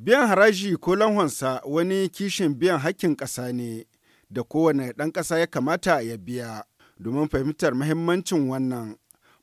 Biyan haraji ko lanhonsa wani kishin biyan hakkin ƙasa ne da kowane ɗan ƙasa ya kamata ya biya domin fahimtar mahimmancin wannan.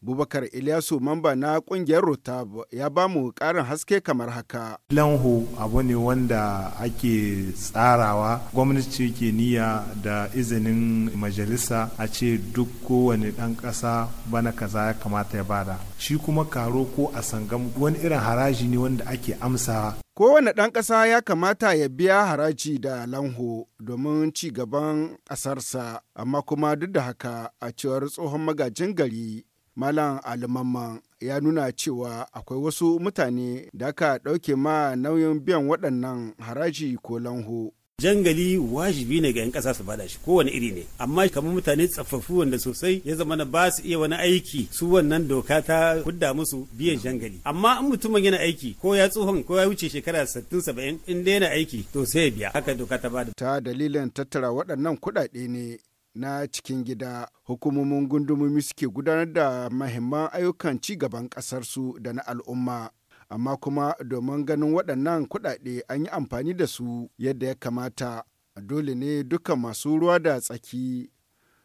Bubakar Ilyasu mamba na kungiyar Rotab ya ba mu karin haske kamar haka. lanhu abu ne wanda ake tsarawa gwamnati ke niyya da izinin majalisa a ce duk kowane ɗan ƙasa bana kaza ya kamata ya bada. Shi kuma karo ko a sangam wani irin haraji ne wanda ake amsa kowane ɗan ƙasa ya kamata ya biya haraji da lanho domin ci gaban ƙasarsa amma kuma duk da haka a cewar tsohon magajin gari Malam Alimamman ya nuna cewa akwai wasu mutane da aka ɗauke ma nauyin biyan waɗannan haraji ko lanho. jangali wajibi ne ga 'yan kasa su bada shi kowane iri ne amma kamar mutane tsafaffu wanda sosai ya zama na ba su iya wani aiki su wannan doka ta hudda musu biyan jangali amma in mutumin yana aiki ko ya tsohon ko ya wuce shekara 60 70 in dai yana aiki to sai ya biya haka doka ta bada ta dalilin tattara waɗannan kuɗaɗe ne na cikin gida hukumomin gundumomi suke gudanar da mahimman ayyukan ci gaban ƙasarsu da na al'umma. Amma kuma domin ganin waɗannan kuɗaɗe an yi amfani da su yadda ya kamata dole ne duka masu ruwa da tsaki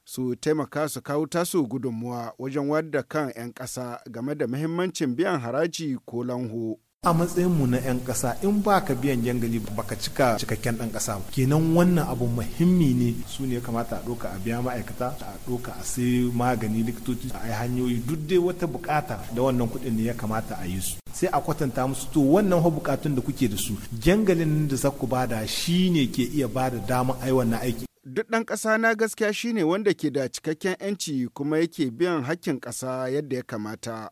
su taimaka su kawo tasu gudunmuwa wajen wadda kan 'yan ƙasa game da mahimmancin biyan haraji ko lanho. a matsayin mu na 'yan ƙasa in ba ka biyan jangali ka cika cikakken ɗan ƙasa ba kenan wannan abu muhimmi ne su ne kamata a ɗauka a biya ma'aikata a ɗauka a sai magani likitoci a yi hanyoyi duk dai wata buƙata da wannan kuɗin ne ya kamata a yi su sai a kwatanta musu to wannan ho bukatun da kuke da su jangalin da za ku bada shi ne ke iya bada damar ai wannan aiki duk ɗan ƙasa na gaskiya shine wanda ke da cikakken 'yanci kuma yake biyan hakkin ƙasa yadda ya kamata